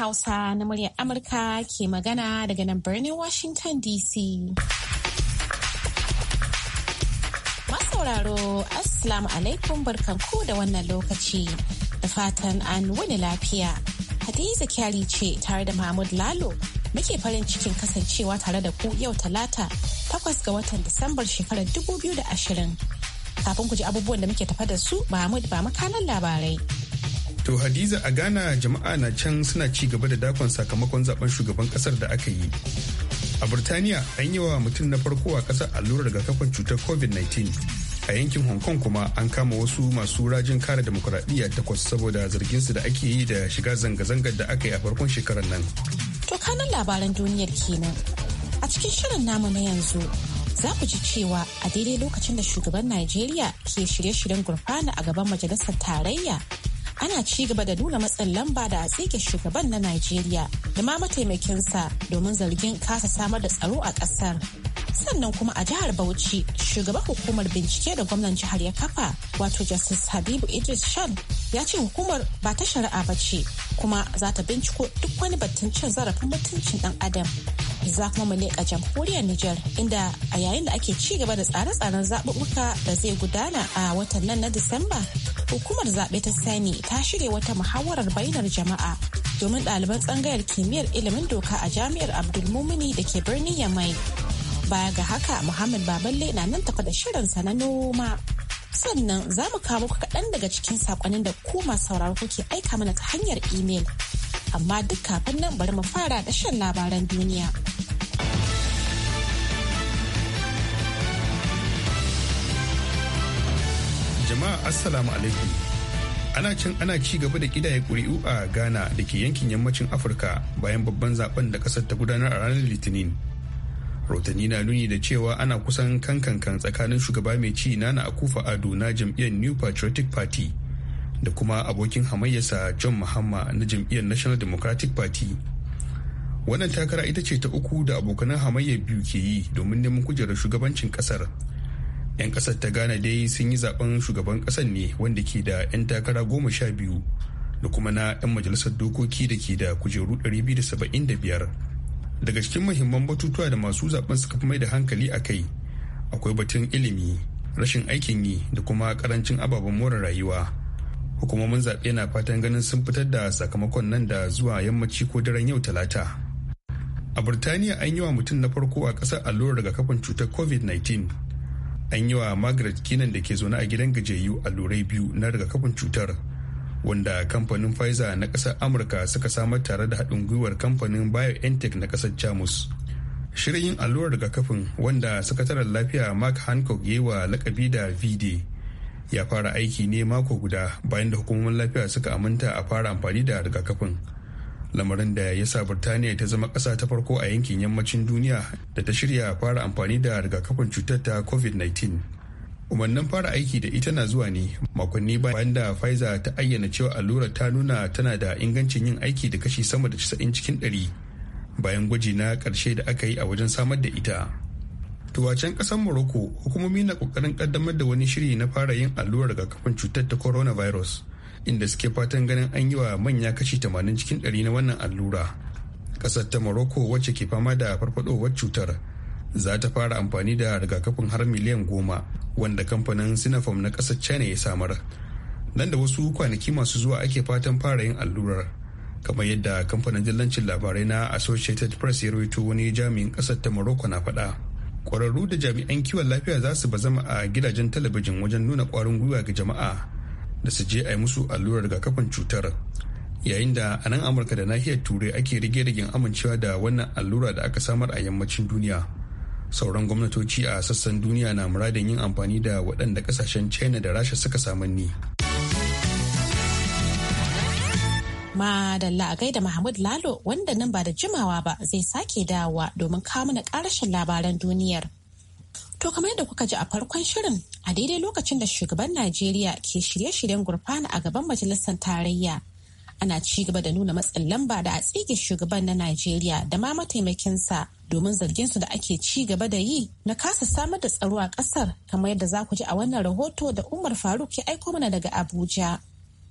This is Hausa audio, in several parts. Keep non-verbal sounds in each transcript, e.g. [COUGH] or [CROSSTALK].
Hausa na muryar Amurka ke magana daga nan birnin Washington DC. Masauraro, Assalamu alaikum barkanku da wannan lokaci da fatan an wani lafiya. Hadiza Kyari ce tare da Mahmud Lalo muke farin cikin kasancewa tare da ku yau talata takwas ga watan Disambar shekarar dubu biyu da ashirin Kafin ku ji abubuwan da muke tafa da su, Mahmud ba makanan labarai. To Hadiza a Ghana jama'a na can suna ci gaba da dakon sakamakon zaben shugaban kasar da aka yi. A Burtaniya an yi wa mutum na farko a kasar allurar rigakafin cutar COVID-19. A yankin Hong Kong kuma an kama wasu masu rajin kare demokuraɗiyya takwas saboda zargin su da ake yi da shiga zanga-zangar da aka yi a farkon shekarar nan. To kanan labaran duniyar kenan. A cikin shirin namu na yanzu za ku ji cewa a daidai lokacin da shugaban Najeriya ke shirye-shiryen gurfana a gaban majalisar tarayya ana ci gaba da nuna matsin lamba da tsike shugaban na Najeriya da ma mataimakinsa domin zargin kasa samar da tsaro a ƙasar. Sannan kuma a jihar Bauchi, shugaban hukumar bincike da gwamnan jihar ya kafa wato Justice Habibu Idris Shan ya ce hukumar ba ta shari'a ba ce kuma za ta binciko duk wani batun cin zarafin mutuncin ɗan adam. za kuma mu leƙa jamhuriyar Nijar inda a yayin da ake ci gaba da tsare-tsaren zaɓuɓɓuka da zai gudana a watan nan na Disamba, hukumar zaɓe ta Sani ta shirya wata muhawarar bainar jama'a domin ɗaliban tsangayar kimiyyar ilimin doka a jami'ar Abdulmumini da ke birnin Yamai. Baya ga haka Muhammad Baballe na nan tafa da shirinsa na noma. Sannan za mu kawo kaɗan daga cikin saƙonin da ku sauraro kuke aika mana ta hanyar imel. amma duk kafin nan bari mu fara da shan labaran duniya. Jama'a Assalamu alaikum. Ana can ana ci gaba da kidaye ƙuri'u a Ghana da ke yankin yammacin Afirka bayan babban zaben da ƙasar ta gudanar a ranar Litinin. rotani na nuni da cewa ana kusan kankankan tsakanin shugaba mai ci nana akufa ado na jam'iyyar new patriotic party da kuma abokin hamayyarsa john mahama na jam'iyyar national democratic party wannan takara ita ce ta uku da abokanan hamayya biyu ke yi domin neman kujerar shugabancin kasar 'yan kasar ta ghana dai sun yi zaben shugaban kasar ne wanda ke da 'yan takara goma sha biyu da kuma na 'yan majalisar dokoki da ke da kujeru 275 daga cikin mahimman batutuwa da masu zaben suka fi mai da hankali a kai akwai batun ilimi rashin aikin yi da kuma karancin ababen more rayuwa hukumomin zaɓe na fatan ganin sun fitar da sakamakon nan da zuwa yammaci ko daren yau talata a burtaniya an yi wa mutum na farko a ƙasar allurar rigakafin cutar covid-19 an yi wa margaret kinan da ke zaune a gidan gajeyu allurai biyu na rigakafin cutar wanda kamfanin pfizer na ƙasar amurka suka samar tare da haɗin gwiwar kamfanin biontech na ƙasar jamus shirin yin allurar rigakafin wanda sakataren lafiya mark hancock yi wa lakabi da vd ya fara aiki ne mako guda bayan da hukumomin lafiya suka aminta a fara amfani da rigakafin lamarin da ya sa birtaniya ta zama ƙasa ta farko a yankin yammacin duniya da ta shirya fara amfani da rigakafin cutar ta covid-19 umarnin fara aiki da ita na zuwa ne makonni bayan da pfizer ta ayyana cewa allurar ta nuna tana da ingancin yin aiki da kashi sama da 90 cikin 100 bayan gwaji na ƙarshe da aka yi a wajen samar da ita tuwacen a can kasar Morocco hukumomi na kokarin kaddamar da wani shiri na fara yin allurar rigakafin cutar ta coronavirus inda suke fatan ganin an yi wa manya kashi 80 cikin 100 na wannan allura. Kasar ta Morocco wacce ke fama da farfadowar cutar za ta fara amfani da rigakafin har miliyan goma wanda kamfanin Sinopharm na kasar China ya samar. Nan da wasu kwanaki masu zuwa ake fatan fara yin allurar. kamar yadda kamfanin dillancin labarai na associated press ya rawaito wani jami'in kasar ta morocco na faɗa kwararru da jami'an kiwon lafiya za su bazama a gidajen talabijin wajen nuna kwarin gwiwa ga jama'a da su je a yi musu allurar rigakafin cutar yayin da a nan amurka da nahiyar turai ake rige-rigen amincewa da wannan allura da aka samar a yammacin duniya sauran gwamnatoci a sassan duniya na muradin yin amfani da waɗanda ƙasashen china da rasha suka samanni Madalla a gaida Mahmud Lalo wanda nan ba da jimawa ba zai sake dawowa domin kawo mana karashin labaran duniyar. To kamar yadda kuka ji a farkon shirin a daidai lokacin da shugaban Najeriya ke shirye-shiryen gurfana a gaban majalisar tarayya. Ana ci gaba da nuna matsin lamba da a tsige shugaban na Najeriya da ma mataimakinsa domin zarginsu da ake ci gaba da yi na kasa samar da tsaro a kasar kamar yadda za ku ji a wannan rahoto da Umar Faruk ya aiko mana daga Abuja.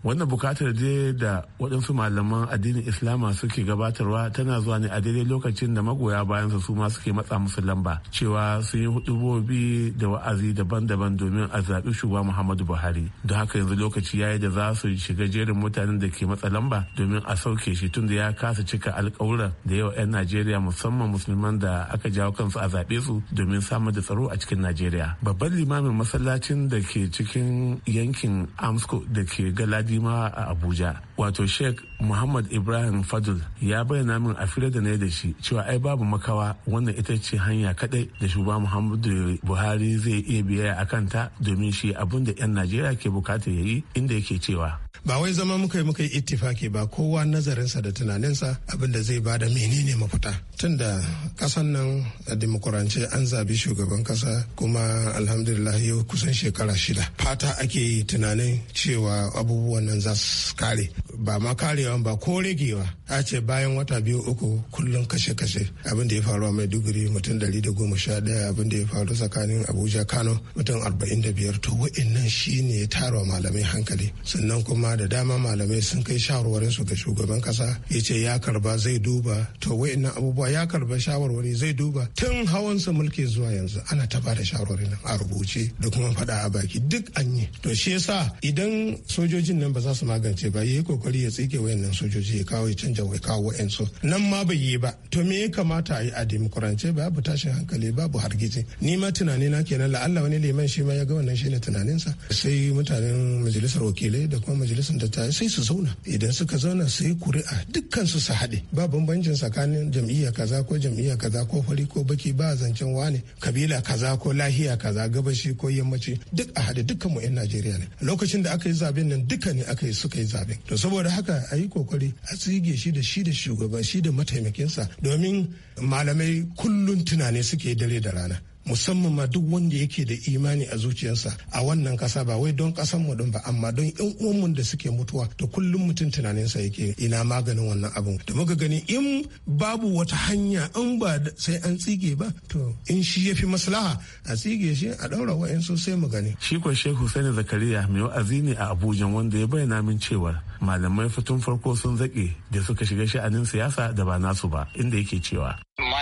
wannan bukatar da da waɗansu malaman addinin islama suke gabatarwa tana zuwa ne a daidai lokacin da magoya bayansa su ma suke matsa musu lamba cewa sun yi hudubobi da wa'azi daban-daban domin a zaɓi shugaba muhammadu buhari don haka yanzu lokaci ya yi da za su shiga jerin mutanen da ke matsa lamba domin a sauke shi tun da ya kasa cika alƙawura da yawa 'yan najeriya musamman musulman da aka jawo kansu a zaɓe su domin samar da tsaro a cikin najeriya babban limamin masallacin da ke cikin yankin amsco da ke galadi kadima a Abuja. Wato Sheikh Muhammad Ibrahim Fadul ya bayyana min a fira da na da shi cewa ai babu makawa wannan ita ce hanya kadai da shugaba Muhammadu Buhari zai iya biyayya a kanta domin shi abin da 'yan Najeriya ke bukata ya yi inda yake cewa. ba wai zama muka yi muka yi ittifaki ba kowa nazarinsa da tunaninsa abin da zai bada menene mafita tun da kasan nan a demokurance an zabi shugaban kasa kuma alhamdulillah yau kusan shekara shida fata ake tunanin cewa abubuwan nan za su kare ba ma karewa ba ko ragewa a ce bayan wata biyu uku kullum kashe-kashe abin da ya faru a maiduguri mutum dari da goma sha daya abin da ya faru tsakanin abuja kano mutum arba'in da biyar to nan shine ya tara malamai hankali sannan kuma kuma da dama malamai sun kai shawarwarin su ga shugaban kasa ya ce ya karba zai duba to na abubuwa ya karba shawarwari zai duba tun hawansa mulki zuwa yanzu ana ta bada shawarwari nan a rubuce da kuma faɗa a baki duk an yi to shi yasa idan sojojin nan ba za su magance ba yayi kokari ya tsike wayannan sojoji ya kawo ya canja wai kawo wayansu nan ma bai yi ba to me ya kamata a yi a demokurance babu tashin hankali babu hargitsi ni ma tunani na kenan la'alla wani liman shi ma ya ga wannan shine tunaninsa sai mutanen majalisar wakilai da kuma majalisar majalisar dattawa sai su zauna idan suka zauna su yi kuri'a dukkan su su haɗe ba bambancin tsakanin jam'iyya kaza ko jam'iyya kaza ko fari ko baki ba zancen wane kabila kaza ko lahiya kaza gabashi ko yammaci duk a haɗe dukkan mu 'yan Najeriya ne lokacin da aka yi zaben nan duka ne aka yi suka yi zaben to saboda haka a yi kokari a tsige shi da shi da shugaban shi da mataimakinsa domin malamai kullum tunani suke dare da rana musamman ma duk wanda yake da imani a zuciyarsa a wannan kasa ba wai don kasan mu din ba amma don yan uwanmu da suke mutuwa da kullum mutum tunanin sa yake ina maganin wannan abin da muka gani in babu wata hanya in ba sai an tsige ba to in shi yafi maslaha a tsige shi a daura so sai mu gani shi ko shehu sani zakariya mai wa'azi ne a abuja wanda ya bayyana min cewa malamai fitun farko sun zaƙe da suka shiga sha'anin siyasa da ba nasu ba inda yake cewa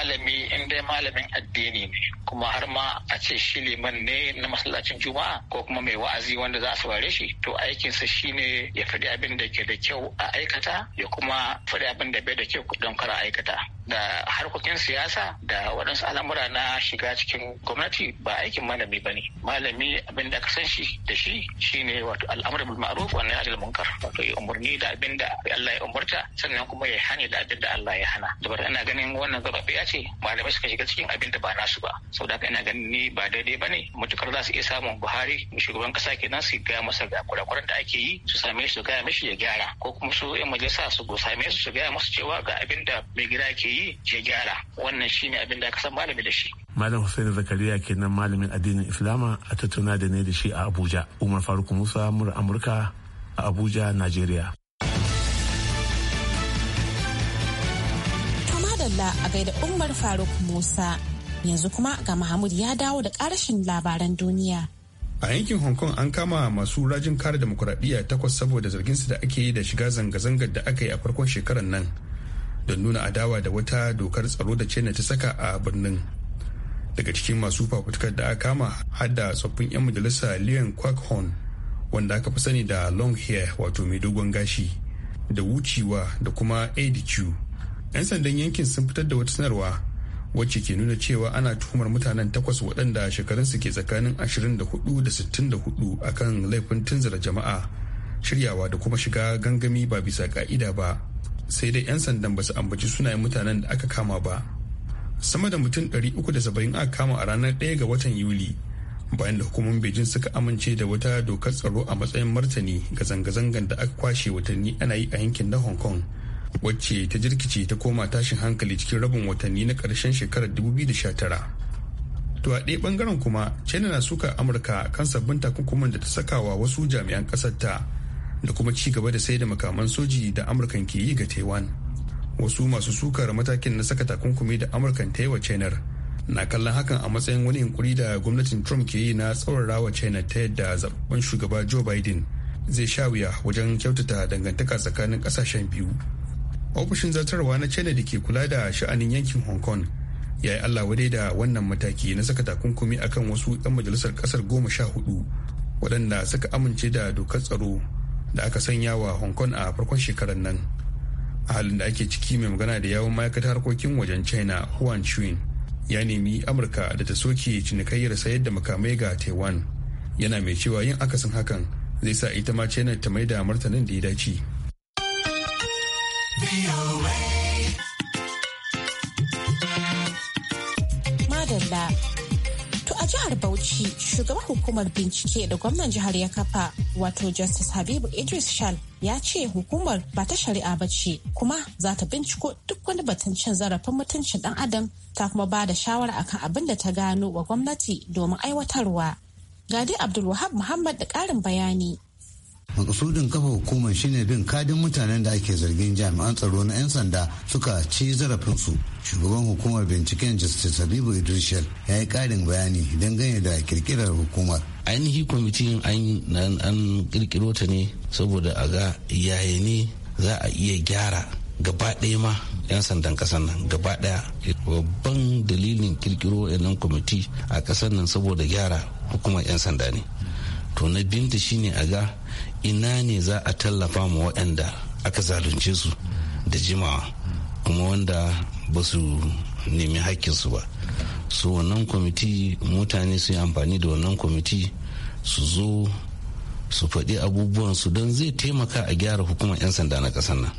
malami in dai malamin addini ne kuma har ma a ce shi liman ne na masallacin juma'a ko kuma mai wa'azi wanda za su ware shi to aikinsa shine ya faɗi abin da ke da kyau a aikata ya kuma faɗi abin da bai da kyau don kar a aikata da harkokin siyasa da waɗansu al'amura na shiga cikin gwamnati ba aikin malami ba ne malami abin da ka san shi da shi shine wato al'amura bil ma'ruf wa nahyi anil munkar wato ya umarni da abin da Allah ya umarta sannan kuma ya hani da abin da Allah ya hana da ana ganin wannan ya ce ce malamai suka shiga cikin abin da ba nasu ba saboda haka ina ganin ni ba daidai ba ne matukar za su iya samun buhari shugaban kasa kenan su gaya masa ga kurakuran da ake yi su same su gaya mishi ya gyara ko kuma su yan majalisa su go same su su gaya masu cewa ga abin da mai gida ke yi ya gyara wannan shine abin da aka san malami da shi Malam Hussein Zakariya kenan malamin addinin Islama a tattauna da ne da shi a Abuja. Umar Faruk Musa mura Amurka a Abuja, Najeriya. madalla a gaida Umar Faruk Musa. Yanzu kuma ga Mahmud ya dawo da ƙarashin labaran duniya. A yankin Hong Kong an kama masu rajin kare demokuraɗiyya takwas saboda zargin zarginsu da ake yi da shiga zanga-zangar da aka yi a farkon shekarar nan don nuna adawa da wata dokar tsaro da China ta saka a birnin. Daga cikin masu fafutukar da aka kama har da tsoffin 'yan majalisa Leon Kwak Hon wanda aka fi sani da Long Hair wato mai dogon gashi da wucewa da kuma Eddie 'yan sandan yankin sun fitar da wata sanarwa wacce ke nuna cewa ana tuhumar mutanen takwas waɗanda shekarunsu ke tsakanin 24 da 64 akan laifin tunzura jama'a shiryawa da kuma shiga gangami ba bisa ka'ida ba sai dai 'yan sandan ba su ambaci sunayen mutanen da aka kama ba sama da mutum ɗari uku da saba'in aka kama a ranar 1 ga watan yuli bayan da hukumomin bejin suka amince da wata dokar tsaro a matsayin martani ga zanga-zangan da aka kwashe watanni ana yi a yankin na hong kong wacce ta jirkice ta koma tashin hankali cikin rabin watanni na karshen shekarar 2019 to a ɗaya ɓangaren kuma china na suka amurka kan sabbin takunkuman da ta saka wa wasu jami'an ƙasar da kuma ci gaba da sai da makaman soji da amurkan ke yi ga taiwan wasu masu sukar matakin na saka takunkumi da amurkan ta yi wa china na kallon hakan a matsayin wani yunkuri da gwamnatin trump ke yi na tsaurarawa china ta yadda zaɓen shugaba joe biden zai sha wajen kyautata dangantaka tsakanin ƙasashen biyu ofishin zartarwa na china da ke kula da sha'anin yankin hong kong ya yi allah wadai da wannan mataki na saka takunkumi akan wasu 'yan majalisar kasar goma sha hudu waɗanda suka amince da dokar tsaro da aka sanya wa hong kong a farkon shekarar nan a halin da ake ciki mai magana da yawon ma'aikatar harkokin wajen china huan chuin ya nemi amurka da ta soke cinikayyar sayar da makamai ga taiwan yana mai cewa yin akasin hakan zai sa ita ma china ta maida da martanin da ya dace Madalla. To a jihar Bauchi, shugaban hukumar bincike da gwamnan jihar ya kafa wato Justice Habibu Idris shal ya ce hukumar ba ta shari'a ba ce kuma za ta binciko duk wani batun cin zarafin mutuncin dan adam ta kuma ba da shawara akan abin da ta gano wa gwamnati domin aiwatarwa. Gadi Abdulwahab Muhammad da ƙarin bayani. makasudin kafa hukumar shine bin kadin mutanen da ake zargin jami'an tsaro na 'yan sanda suka ci zarafinsu shugaban hukumar binciken justice habibu idrishel ya yi karin bayani dangane da kirkirar hukumar ainihi kwamitin an kirkiro ta ne saboda a ga yaya ne za a iya gyara gaba ɗaya ma 'yan sandan ƙasar nan gaba ɗaya babban dalilin kirkiro nan kwamiti a ƙasar nan saboda gyara hukumar 'yan sanda ne to na binta shine a ga ina ne za a tallafa ma waɗanda aka zalunce su da jimawa kuma wanda ba su nemi haƙƙinsu ba su wannan kwamiti mutane su yi amfani da wannan kwamiti su zo su faɗi abubuwan su don zai taimaka a gyara hukumar 'yan sanda na ƙasar nan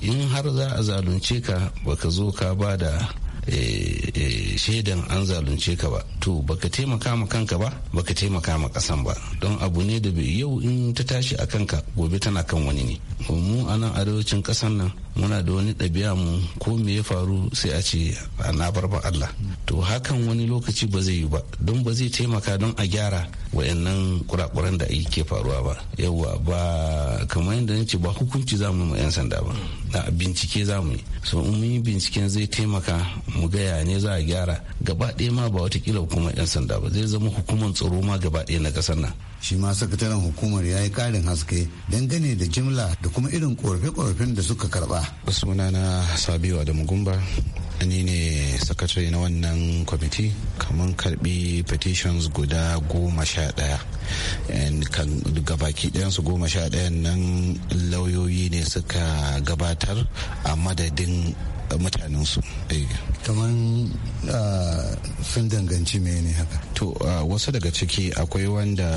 in har za a zalunce ka baka zo ka ba da Eh, eh, shaidan an zalunce ka ba to baka taimaka ma kanka ba baka taimaka ma kasan ba don abu ne da bai yau in ta tashi a kanka gobe tana kan wani ne mu a nan arewacin kasan nan muna da wani ɗabi'a mu ko me ya faru sai a ce na ba Allah to hakan wani lokaci ba zai yi ba don ba zai taimaka don a gyara wayannan kurakuran da ke faruwa ba yawa ba kamar yadda na ce ba hukunci za mu yi 'yan sanda ba na bincike za mu yi so in mun yi binciken zai taimaka mu gaya ne za a gyara gaba ɗaya ma ba watakila hukumar 'yan sanda ba zai zama hukumar tsaro ma gaba ɗaya na ƙasar nan shi ma sakataren hukumar ya yi ƙarin haske dangane da jimla da kuma irin ƙorafe-ƙorafen da suka karɓa sunana sabiwa da mugumba ni ne sakatare na wannan kwamiti kamar karbi petitions guda goma sha daya gabaki su goma sha ɗayan nan lauyoyi ne suka gabatar a madadin mutanensu eh. kamar ah, sun danganci ne haka to ah, wasu daga ciki akwai wanda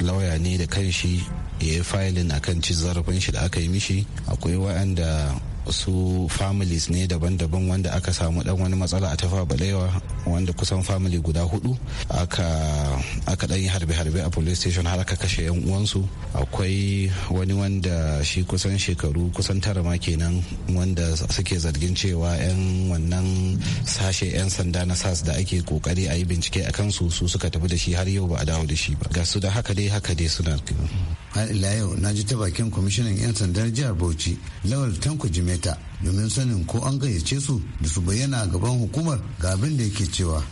lauya ne da kanshi ya yi filin a kan ci zarafin shi da aka yi mishi akwai wa'anda su families ne daban-daban wanda aka samu dan wani matsala a tafa balewa wanda kusan family guda hudu aka aka dan yi harbe-harbe a police station har aka kashe yan uwansu akwai wani wanda shi kusan shekaru kusan tara ma kenan wanda suke zargin cewa yan wannan sashe yan sanda na sas da ake kokari a yi bincike a kansu su suka tafi da shi har yau ba a dawo da shi ba ga su da haka dai haka dai suna har ila yau na ji ta bakin kwamishinan 'yan sandar jihar bauchi lawal tanko jimeta domin sanin ko an gayyace su da su bayyana gaban hukumar ga abin da yake cewa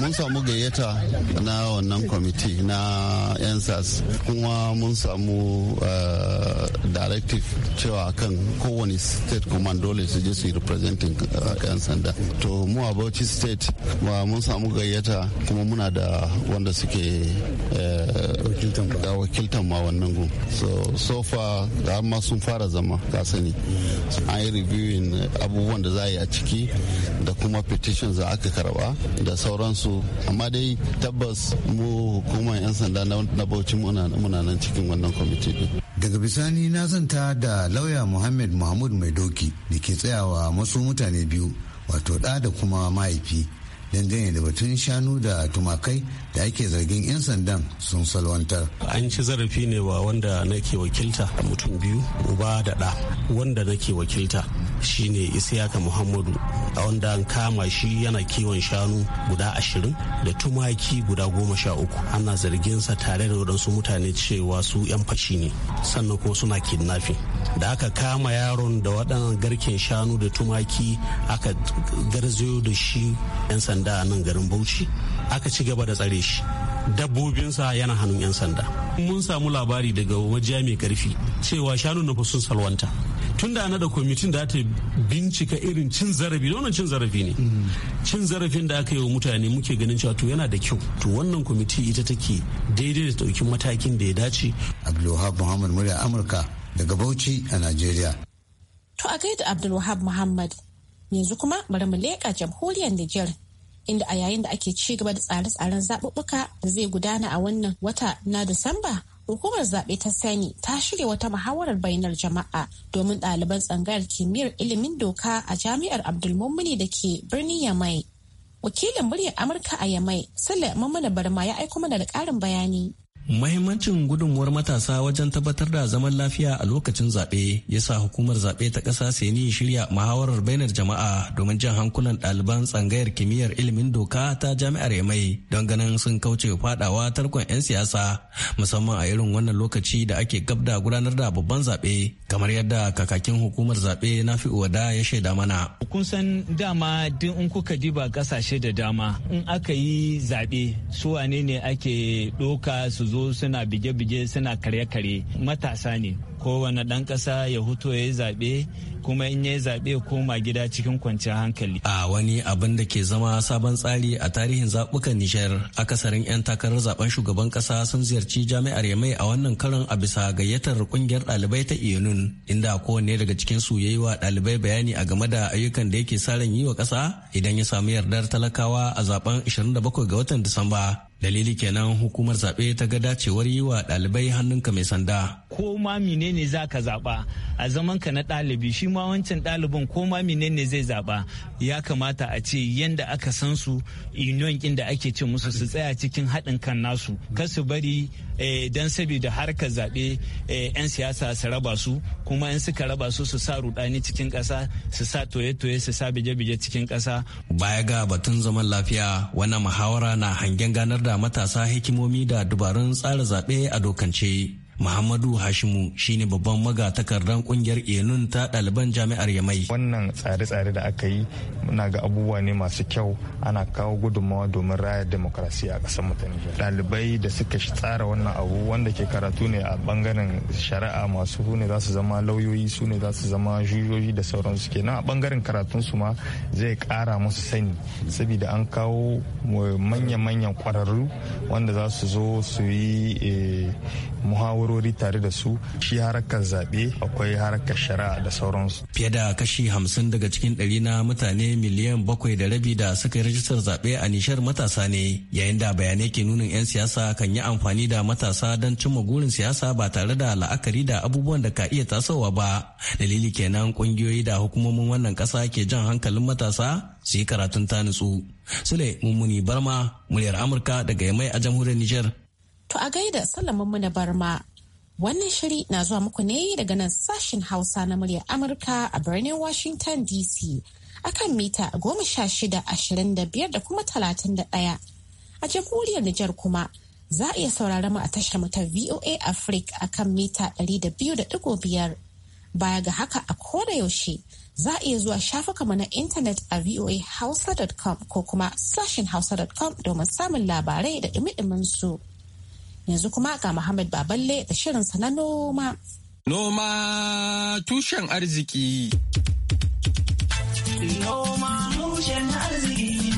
mun samu gayyata na wannan kwamiti na ensas kuma mun samu eh, directive cewa kan kowane state command dole su je su representing eh, yan sanda to mu a bauchi state ba mun samu gayyata kuma muna da wanda suke da eh, wakiltan ma wannan gun so so far da ma sun fara zama ka sani an yi review reviewing abubuwan da za a yi a ciki da kuma petitions da aka karba da sauransu amma dai tabbas mu hukumar 'yan sanda na bauchi muna nan cikin wannan kwamiti daga bisani na zanta da lauya muhammad mahmud mai doki da ke tsayawa masu mutane biyu wato ɗa da kuma mahaifi dangane da batun shanu da tumakai da ake zargin 'yan sandan sun salwantar. An ci zarafi ne wa wanda nake wakilta mutum biyu uba da ɗa wanda nake wakilta shine isiyaka muhammadu a wanda an kama shi yana kiwon shanu guda ashirin da tumaki guda goma sha uku ana zarginsa tare da waɗansu mutane cewa su 'yan fashi ne sannan ko suna kidnafi da aka kama yaron da waɗannan garken shanu da tumaki aka garzayo da shi 'yan sanda a nan garin bauchi aka ci gaba da tsare shi dabbobinsa yana hannun 'yan sanda mun samu labari daga wajen mai karfi cewa shanu na sun salwanta tun da ana da kwamitin da ta bincika irin cin zarafi wannan cin zarafi ne cin zarafin da aka yi wa mutane muke ganin cewa to yana da kyau to wannan kwamiti ita take daidai da ɗauki matakin da ya dace abdulwahab muhammad murya amurka daga bauchi a nigeria. to a gaida abdulwahab muhammad yanzu kuma bari mu leƙa jamhuriyar niger inda a yayin da ake ci gaba da tsare-tsaren zaɓuɓɓuka zai gudana a wannan wata na disamba Hukumar zaɓe ta Sani ta shirya wata muhawarar bainar jama'a domin ɗaliban tsangayar kimiyyar ilimin doka a jami'ar Abdulmumini da ke birnin Yamai. Wakilin muryar Amurka a Yamai, Sule mamana Barma ya aiko mana da ƙarin bayani. Mahimmancin gudunmuwar matasa wajen tabbatar da zaman lafiya a lokacin zaɓe ya sa hukumar zaɓe ta ƙasa Seni shirya muhawarar bainar jama'a domin jan hankulan ɗaliban tsangayar kimiyyar ilimin doka ta jami'ar Yamai don ganin sun kauce faɗawa tarkon 'yan siyasa musamman a irin wannan lokaci da ake gab da gudanar da babban zaɓe kamar yadda kakakin hukumar zaɓe na fi Uwada ya shaida mana. Kun san dama duk in kuka diba ƙasashe da dama in aka yi zaɓe su wane ne ake ɗoka su zo suna bige-bige suna karye-karye matasa ne kowane ɗan ƙasa ya huto ya yi zaɓe kuma in ya yi zaɓe koma gida cikin kwanciyar hankali. A wani abin da ke zama sabon tsari a tarihin zaɓukan Nijar, akasarin 'yan takarar zaben shugaban ƙasa sun ziyarci jami'ar Yamai a wannan karon a bisa gayyatar kungiyar ɗalibai ta Iyonun, inda kowanne daga cikin su ya yi wa ɗalibai bayani a game da ayyukan da yake sa ran yi wa ƙasa idan ya samu yardar talakawa a zaben 27 ga watan Disamba. dalili kenan hukumar zaɓe ta ga dacewar yi wa ɗalibai ka mai sanda. Ko ma mine menene za ka zaɓa a zaman ka na ɗalibi shi ma wancan ɗalibin ko ma menene zai zaɓa ya kamata a ce yanda aka san su union ɗin da ake ce musu su tsaya cikin haɗin kan nasu kar su bari eh, don saboda harkar zaɓe 'yan eh, siyasa su raba su kuma in suka raba su su sa rudani cikin ƙasa su sa toye-toye su sa bije-bije cikin ƙasa. Baya ga batun zaman lafiya wannan muhawara na hangen ganar da matasa hikimomi da dubarun tsara zaɓe a dokance. Muhammadu Hashimu shine babban magatakardan kungiyar Enun ta ɗaliban jami'ar Yamai. Wannan tsare-tsare da aka yi muna ga abubuwa ne masu kyau ana kawo gudummawa domin raya demokrasi a ƙasar mu ta da suka tsara wannan abu wanda ke karatu ne a bangaren shari'a masu ne za su zama lauyoyi su ne za su zama jujoji da sauransu kenan a bangaren karatun su ma zai kara musu sani saboda an kawo manya-manyan kwararru wanda za su zo su yi eh, muhawarori tare da su shi harakar zaɓe akwai harakar shari'a da sauransu. Fiye da kashi hamsin daga cikin ɗari na mutane miliyan bakwai da rabi da suka yi rajistar zaɓe a nishar matasa ne yayin da bayanai ke nunin 'yan siyasa kan yi amfani da matasa don cimma gurin siyasa ba tare da la'akari da abubuwan da ka iya tasowa ba. Dalili kenan ƙungiyoyi da hukumomin wannan ƙasa ke jan hankalin matasa su yi karatun ta nutsu. Sule Mummuni Barma, muryar Amurka daga Yamai a jamhuriyar Nijar. To a gaida Salamin mu na Barma. Wannan shiri na zuwa muku ne daga nan sashen Hausa na murya Amurka a birnin Washington DC akan mita goma sha shida ashirin da biyar da kuma talatin da ɗaya. A jamhuriyar Nijar kuma za a iya saurara mu a tashar mu ta VOA Africa akan mita ɗari da biyu da ɗigo biyar. Baya ga haka a koda yaushe za a iya zuwa shafukanmu na intanet a voahausa.com ko kuma sashen hausa.com domin samun labarai da ɗumi su. Yanzu kuma ga Muhammad Baballe da shirinsa na noma. Noma tushen arziki. Noma tushen arziki.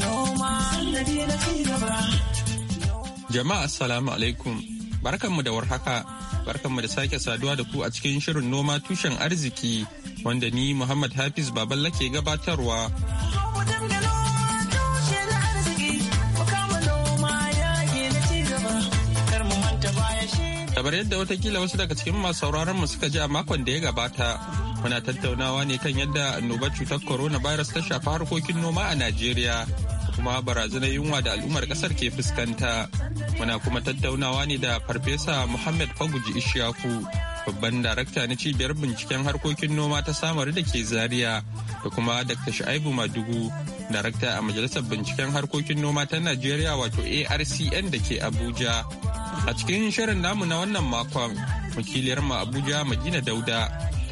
Noma sallabi na ci gaba. Jama'a assalamu alaikum. Barkanmu da warhaka. Barkanmu da sake saduwa da ku a cikin shirin noma tushen arziki wanda ni Muhammad Hafiz Baballa ke gabatarwa. kamar yadda watakila wasu daga cikin masu sauraron mu suka ji a makon da ya gabata muna tattaunawa ne kan yadda annobar cutar coronavirus ta shafi harkokin noma a najeriya kuma barazanar yunwa da al'ummar kasar ke fuskanta muna kuma tattaunawa ne da farfesa muhammad faguji ishaku babban darakta na cibiyar binciken harkokin noma ta samari da ke zaria da kuma dr shu'aibu madugu darakta a majalisar binciken harkokin noma ta najeriya wato arcn da ke abuja A cikin shirin namu na wannan makon, wakiliyar mu Abuja Madina Dauda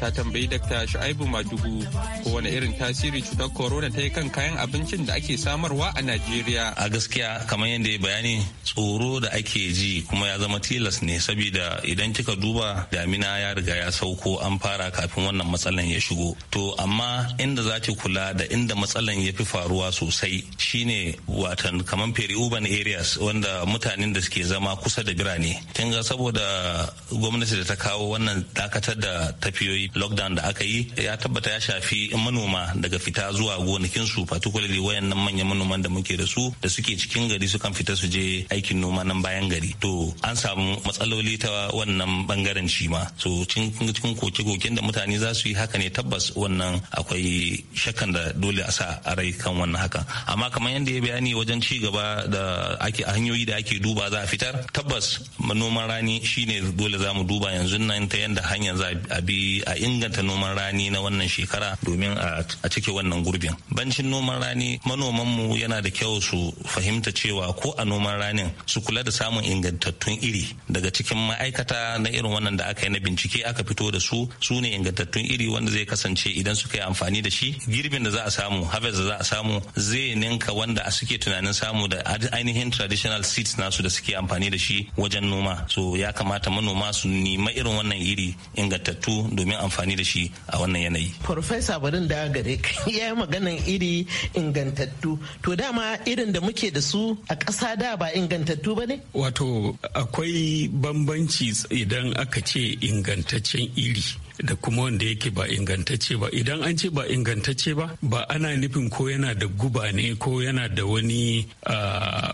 ta tambayi Dr. Shu'aibu Madugu kowane irin tasiri cutar corona ta yi kan kayan abincin da ake samarwa a Najeriya. A gaskiya kamar yadda ya bayani tsoro da ake ji kuma ya zama tilas ne saboda idan kika duba damina ya riga ya sauko an fara kafin wannan matsalan ya shigo. To amma inda za ki kula da inda matsalan ya fi faruwa sosai shine watan kamar peri-urban areas wanda mutanen da suke zama kusa da birane. Kin ga saboda gwamnati da ta kawo wannan dakatar da tafiyoyi lockdown da aka yi ya tabbata ya shafi manoma daga fita zuwa gonakin su particularly wayannan manyan manoman da muke da su da suke cikin gari sukan fita su je aikin noma nan bayan gari to an samu matsaloli ta wannan bangaren shi ma so cikin koke-koken da mutane za su yi haka ne tabbas wannan akwai shakkan da dole a sa a rai kan wannan haka amma kamar yadda ya bayani wajen ci gaba da ake a hanyoyi da ake duba za a fitar tabbas manoman rani shine dole za mu duba yanzu nan ta yadda hanyar za a bi a inganta noman rani na wannan shekara domin a cike wannan gurbin bancin noman rani manomanmu yana da kyau su fahimta cewa ko a noman ranin su kula da samun ingantattun iri daga cikin ma'aikata na irin wannan da aka yi na bincike aka fito da su su ne ingantattun iri wanda zai kasance idan suka yi amfani da shi girbin da za a samu harvest da za a samu zai ninka wanda a suke tunanin samu da ainihin traditional seeds nasu da suke amfani da shi wajen noma so ya kamata manoma su nima irin wannan iri ingantattu domin amfani da shi a wannan yanayi. Farfesa barin da gare [LAUGHS] ya yi maganan iri ingantattu to dama irin da muke da su a ƙasa da ba ingantattu ba ne? Wato akwai bambanci idan aka ce ingantaccen iri da kuma wanda yake ba ingantacce ba idan an ce ba ingantacce ba ba ana nufin ko yana da guba ne ko yana da wani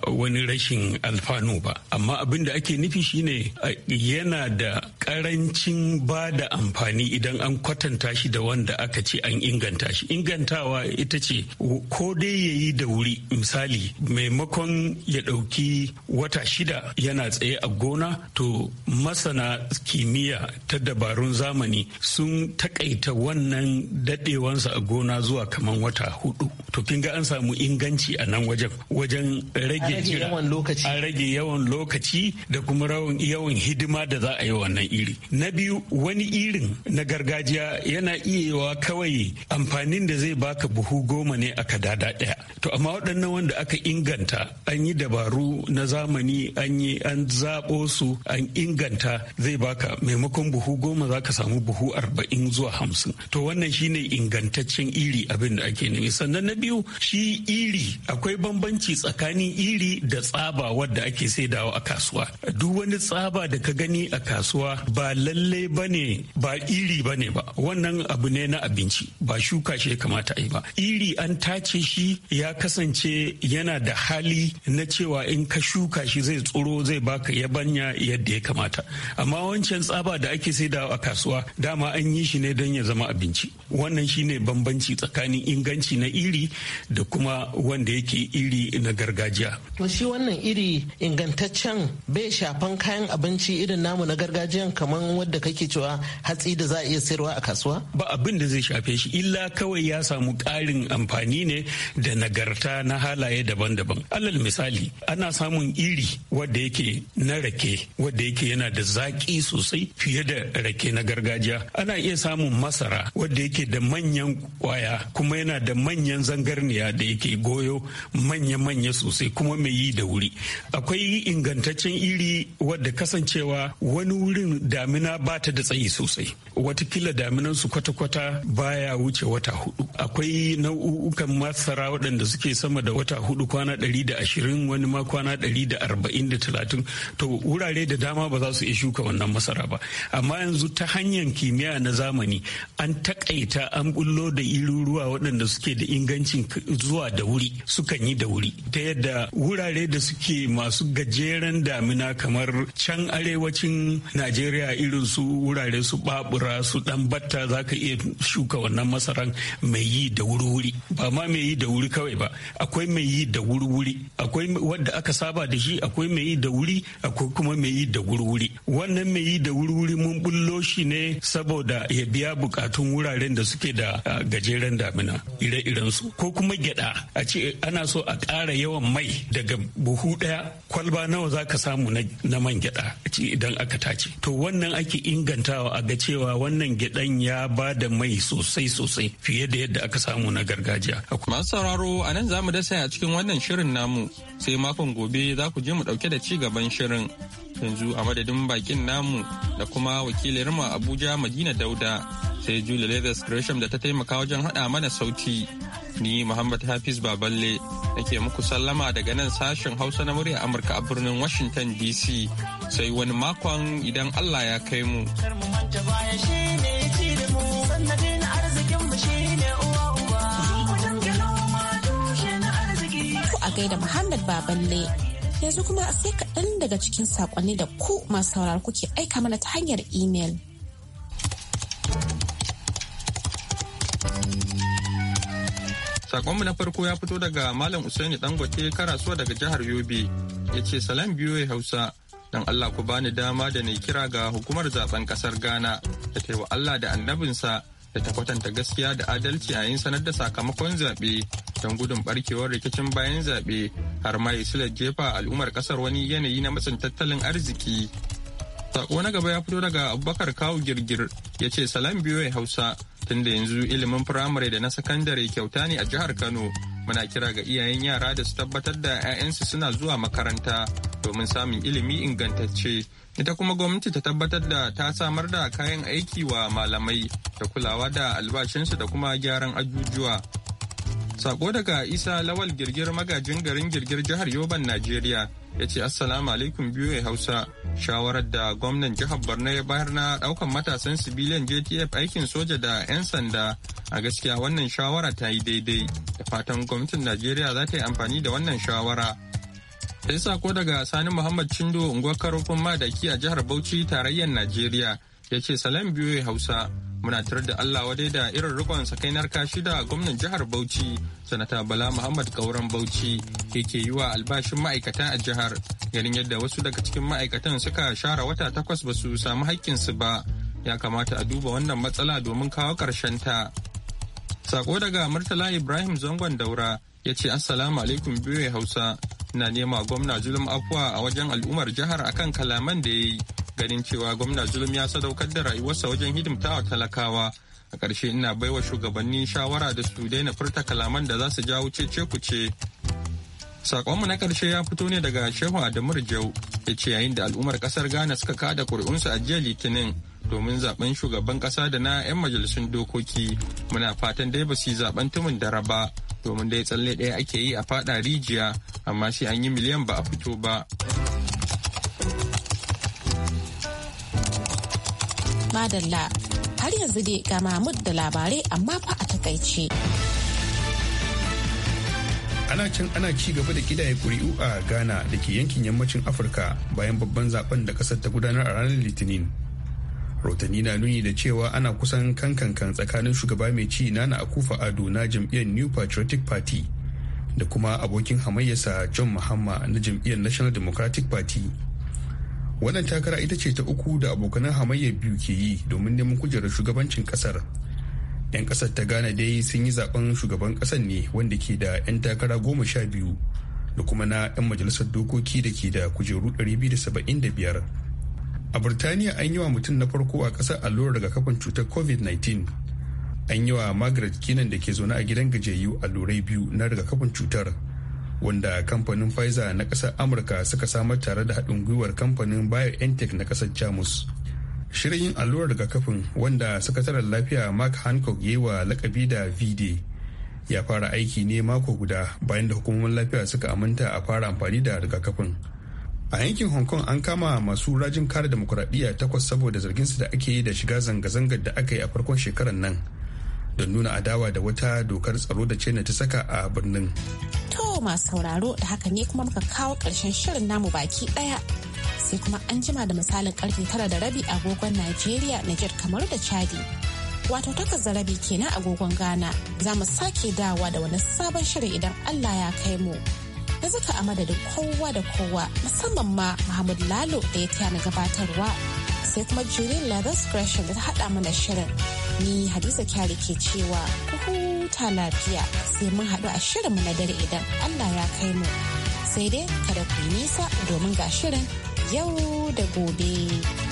wani rashin alfanu ba amma abin da ake nufi shine yana da karancin ba da amfani idan an kwatanta shi da wanda aka ce an inganta shi ingantawa ita ce ko dai ya yi da wuri misali maimakon ya ɗauki wata shida yana tsaye a gona to masana kimiyya ta dabarun zamani sun takaita wannan dadewansa a gona zuwa kaman wata hudu to kin ga an samu inganci a nan wajen wajen rage yawan lokaci a rage yawan lokaci da kuma rawan yawan hidima da za a yi wannan iri na biyu wani irin na gargajiya yana iya yawa kawai amfanin da zai baka buhu goma ne aka dada daya to amma waɗannan wanda aka inganta an yi dabaru na zamani an yi an zaɓo su an inganta zai baka maimakon buhu goma za ka samu buhu buhu arba'in zuwa hamsin to wannan shine ingantaccen iri abin da ake nemi sannan na biyu shi iri akwai bambanci tsakanin iri da tsaba wadda ake saidawa a kasuwa duk wani tsaba da ka gani a kasuwa ba lallai ne ba iri ba ne ba wannan abu ne na abinci ba shuka shi ya kamata a yi ba iri an tace shi ya kasance yana da hali na cewa in ka shuka shi zai tsoro zai baka yabanya yadda ya kamata amma wancan tsaba da ake saidawa a kasuwa da dama an yi shi ne don ya zama abinci wannan shi ne bambanci tsakanin inganci na iri da kuma wanda yake iri na gargajiya shi wannan iri ingantaccen bai shafan kayan abinci irin namu na gargajiyan kamar wadda kake cewa hatsi da za a iya sayarwa a kasuwa ba abin da zai shafe shi illa kawai ya samu ƙarin amfani ne da nagarta na halaye daban-daban alal misali ana samun iri wadda yake na rake wadda yake yana da zaƙi sosai fiye da rake na gargajiya ana iya samun masara wadda yake da manyan kwaya kuma yana da manyan zangarniya da yake goyo manya-manya sosai kuma mai yi da wuri. Akwai ingantaccen iri wadda kasancewa wani wurin damina ba ta da tsayi sosai. Watakila daminan su kwata-kwata baya wuce wata hudu. Akwai nau'ukan masara waɗanda suke sama da wata hudu kwana ɗari da ashirin wani ma kwana ɗari da arba'in da talatin to wurare da dama ba za su iya shuka wannan masara ba. Amma yanzu ta hanyar ki kimiyya na zamani an takaita an bullo da iruruwa waɗanda suke da ingancin zuwa da wuri sukan yi da wuri ta yadda wurare da suke masu gajeren damina kamar can arewacin najeriya irin su wurare su babura su dan batta za ka iya shuka wannan masaran mai yi da wuri ba ma mai yi da wuri kawai ba akwai mai yi da wuri akwai wadda aka saba da shi akwai mai yi da wuri akwai kuma mai yi da wuri wannan mai yi da wuri-wuri mun bullo shi ne saboda ya biya bukatun wuraren da suke da gajeren damina ire-iren su ko kuma gyada a ce ana so a ƙara yawan mai daga buhu ɗaya kwalba nawa za ka samu na man gyada a ce idan aka tace to wannan ake ingantawa a ga cewa wannan gyadan ya ba da mai sosai sosai fiye da yadda aka samu na gargajiya masu sauraro a nan za mu dasa a cikin wannan shirin namu sai makon gobe za ku je mu ɗauke da ci gaban shirin yanzu a madadin bakin namu da kuma wakilin mu abuja madina dauda sai julie leathers gresham da ta taimaka wajen hada mana sauti ni muhammad hafiz baballe nake muku sallama daga nan sashen hausa na murya amurka a birnin washington dc sai wani makon idan allah ya kai mu a gaida muhammad baballe Yanzu kuma sai kaɗan daga cikin saƙonni da ku masu sauraro kuke aika mana ta hanyar imel. saƙonmu na farko ya fito daga Malam Usaini Dangote karasuwa daga jihar Yobe. Ya ce salam ya Hausa, don Allah ku bani dama da na kira ga hukumar zaben ƙasar Ghana da wa Allah da annabinsa da ta kwatanta gaskiya da adalci a yin sanar da sakamakon zaɓe don gudun barkewar rikicin bayan zaɓe har ma isilar jefa al'ummar ƙasar wani yanayi na matsin tattalin arziki. Sako na gaba ya fito daga Abubakar Kawu Girgir ya ce salam ya hausa tunda yanzu ilimin firamare da na sakandare kyauta ne a jihar Kano muna kira ga iyayen yara da su tabbatar da 'ya'yansu suna zuwa makaranta domin samun ilimi ingantacce ita kuma gwamnati ta tabbatar da ta samar da kayan aiki wa malamai da kulawa da albashinsu da kuma gyaran ajujuwa Sako daga Isa Lawal Girgir magajin garin Girgir jihar Yoban Najeriya ya ce Assalamu alaikum biyu Hausa shawarar da gwamnan jihar Borno ya bayar na daukan matasan sibiliyan JTF aikin soja da 'yan sanda a gaskiya wannan shawara ta yi daidai da fatan gwamnatin Najeriya za ta yi amfani da wannan shawara. Sai sako daga Sani Muhammad Chindo unguwar karofin madaki a jihar Bauchi tarayyar Najeriya ya ce salam biyu Hausa muna tarar da Allah wadai da irin rikon sakainar kashi da gwamnan jihar Bauchi sanata Bala Muhammad Kauran Bauchi yake yi wa albashin ma'aikata a jihar ganin yadda wasu daga cikin ma'aikatan suka share wata takwas ba su samu haƙƙinsu ba ya kamata a duba wannan matsala domin kawo ƙarshen ta. Sako daga Murtala Ibrahim Zangon Daura ya ce Assalamu alaikum biyu Hausa na nema gwamna zulum Afwa a wajen al'ummar jihar akan kalaman da ya yi ganin cewa gwamna zulum ya sadaukar da rayuwarsa wajen hidimta wa talakawa a ƙarshe ina baiwa shugabannin shawara da su daina furta kalaman da za su jawo cece kuce sakonmu na ƙarshe ya fito ne daga shehu adamu jau ya ce yayin da al'ummar ƙasar ghana suka kada ƙuri'unsu a jiya litinin domin zaben shugaban ƙasa da na 'yan majalisun dokoki muna fatan dai ba su yi zaben tumin dara ba domin dai tsalle ɗaya ake yi a faɗa rijiya amma sai an yi miliyan ba a fito ba. madalla har yanzu dai ga Mahmud da labarai amma fa a takaice. ana can ana ci gaba da kidaye kuri'u a ghana da ke yankin yammacin afirka bayan babban zaben da kasar ta gudanar a ranar litinin rotani na nuni da cewa ana kusan kankankan tsakanin shugaba mai ci nana kufa ado na jam'iyyar new patriotic party da kuma abokin hamayyasa john mahama na jam'iyyar national democratic party wannan takara ita ce ta uku da abokanan hamayya biyu ke yi domin neman kujerar shugabancin kasar 'yan kasar ta ghana dai sun yi zaben shugaban kasar ne wanda ke da 'yan takara goma sha biyu da kuma na 'yan majalisar dokoki da ke da kujeru biyu da da saba'in biyar. a birtaniya an yi wa mutum na farko a kasar allurar rigakafin cutar covid-19 an yi wa margaret kinan da ke zaune a gidan gajiyayyu allurai biyu na rigakafin cutar wanda kamfanin Pfizer na ƙasar Amurka suka samar tare da haɗin gwiwar kamfanin BioNTech na ƙasar Jamus. Shirin yin allurar rigakafin wanda sakataren lafiya Mark Hancock yi wa lakabi da VD ya fara aiki ne mako guda bayan da hukumomin lafiya suka aminta a fara amfani da rigakafin. A yankin Hong Kong an kama masu rajin kare demokuraɗiyya takwas saboda zarginsu da ake yi da shiga zanga-zangar da aka yi a farkon shekarar nan. don nuna adawa da wata dokar tsaro da china ta saka a birnin to masu sauraro da haka ne kuma muka kawo ƙarshen shirin namu baki ɗaya sai kuma an jima da misalin karfe tara da rabi agogon Najeriya, jir kamar da Chadi. Wato takas da rabi kenan agogon Ghana za mu sake dawa da wani sabon shirin idan Allah ya kai mu. Da zaka a madadin kowa da kowa musamman ma Muhammad Lalo da ya taya na gabatarwa sai kuma Julian Leathers Gresham da ta haɗa mana shirin. ni Hadiza Kyari ke cewa ku huta lafiya sai mun haɗu a shirinmu na dare idan Allah ya kai mu. Sai dai kada ku nisa domin ga shirin yau da gobe.